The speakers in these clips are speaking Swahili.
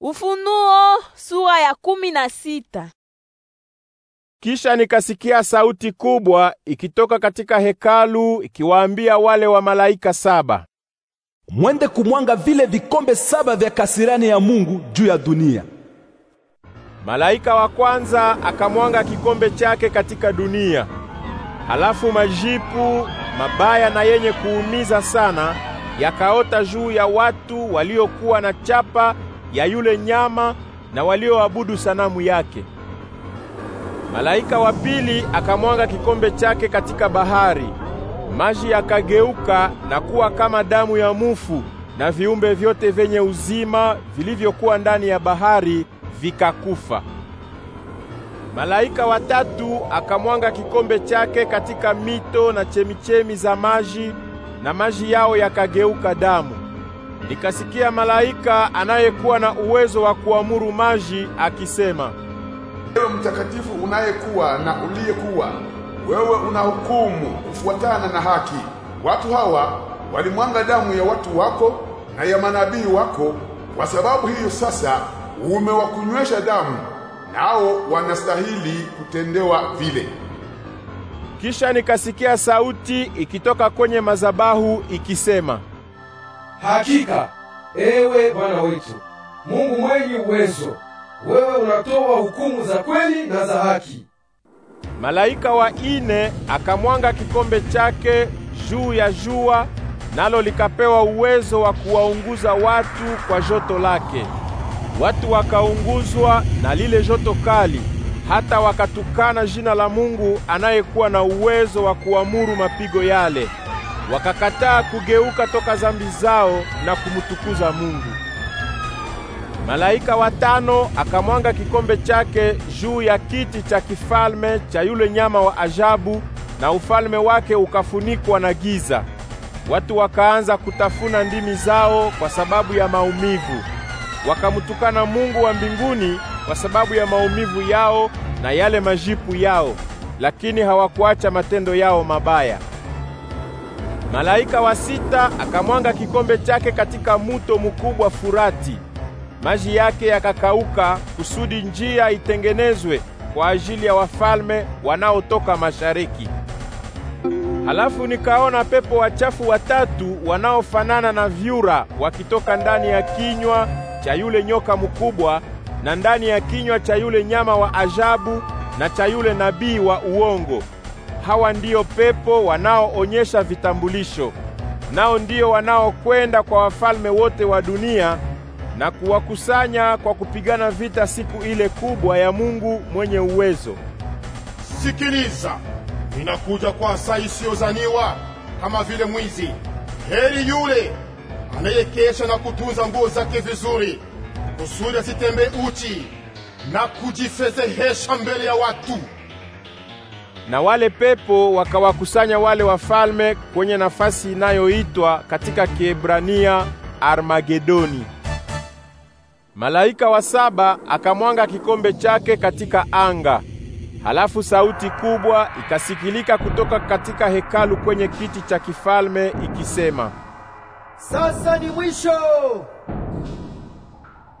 Ufunuo sura ya kumi na sita. Kisha nikasikia sauti kubwa ikitoka katika hekalu ikiwaambia wale wa malaika saba, mwende kumwanga vile vikombe saba vya kasirani ya Mungu juu ya dunia. Malaika wa kwanza akamwanga kikombe chake katika dunia, halafu majipu mabaya na yenye kuumiza sana yakaota juu ya watu waliokuwa na chapa ya yule nyama na walioabudu sanamu yake. Malaika wa pili akamwanga kikombe chake katika bahari, maji yakageuka na kuwa kama damu ya mufu, na viumbe vyote vyenye uzima vilivyokuwa ndani ya bahari vikakufa. Malaika watatu akamwanga kikombe chake katika mito na chemichemi za maji, na maji yao yakageuka damu nikasikia malaika anayekuwa na uwezo wa kuamuru maji akisema, Ewe mtakatifu unayekuwa na uliyekuwa, wewe unahukumu kufuatana na haki. Watu hawa walimwanga damu ya watu wako na ya manabii wako, kwa sababu hiyo sasa umewakunywesha damu, nao wanastahili kutendewa vile. Kisha nikasikia sauti ikitoka kwenye mazabahu ikisema Hakika ewe Bwana wetu Mungu mwenye uwezo, wewe unatoa hukumu za kweli na za haki. Malaika wa ine akamwanga kikombe chake juu ya jua, nalo likapewa uwezo wa kuwaunguza watu kwa joto lake. Watu wakaunguzwa na lile joto kali, hata wakatukana jina la Mungu anayekuwa na uwezo wa kuamuru mapigo yale wakakataa kugeuka toka zambi zao na kumtukuza Mungu. Malaika watano akamwanga kikombe chake juu ya kiti cha kifalme cha yule nyama wa ajabu, na ufalme wake ukafunikwa na giza. Watu wakaanza kutafuna ndimi zao kwa sababu ya maumivu, wakamutukana Mungu wa mbinguni kwa sababu ya maumivu yao na yale majipu yao, lakini hawakuacha matendo yao mabaya. Malaika wa sita akamwanga kikombe chake katika muto mkubwa Furati. Maji yake yakakauka kusudi njia itengenezwe kwa ajili ya wafalme wanaotoka mashariki. Halafu nikaona pepo wachafu watatu wanaofanana na vyura wakitoka ndani ya kinywa cha yule nyoka mkubwa na ndani ya kinywa cha yule nyama wa ajabu na cha yule nabii wa uongo hawa ndio pepo wanaoonyesha vitambulisho, nao ndio wanaokwenda kwa wafalme wote wa dunia na kuwakusanya kwa kupigana vita siku ile kubwa ya Mungu mwenye uwezo. Sikiliza, ninakuja kwa saa isiyozaniwa kama vile mwizi. Heri yule anayekesha na kutunza nguo zake vizuri, kusudi asitembee uchi na kujifedhehesha mbele ya watu na wale pepo wakawakusanya wale wafalme kwenye nafasi inayoitwa katika Kiebrania Armagedoni. Malaika wa saba akamwanga kikombe chake katika anga. Halafu sauti kubwa ikasikilika kutoka katika hekalu kwenye kiti cha kifalme ikisema, sasa ni mwisho.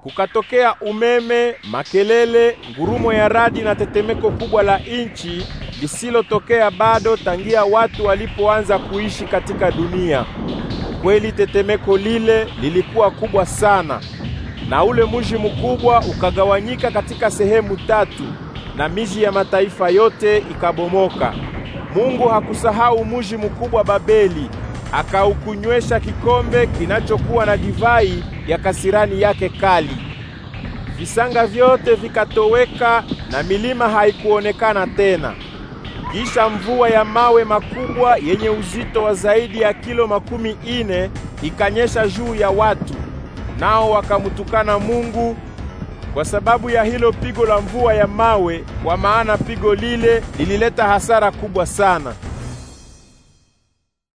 Kukatokea umeme, makelele, ngurumo ya radi na tetemeko kubwa la inchi lisilotokea bado tangia watu walipoanza kuishi katika dunia. Kweli tetemeko lile lilikuwa kubwa sana, na ule mji mkubwa ukagawanyika katika sehemu tatu, na miji ya mataifa yote ikabomoka. Mungu hakusahau mji mkubwa Babeli, akaukunywesha kikombe kinachokuwa na divai ya kasirani yake kali. Visanga vyote vikatoweka na milima haikuonekana tena. Kisha mvua ya mawe makubwa yenye uzito wa zaidi ya kilo makumi ine ikanyesha juu ya watu, nao wakamutukana Mungu kwa sababu ya hilo pigo la mvua ya mawe, kwa maana pigo lile lilileta hasara kubwa sana.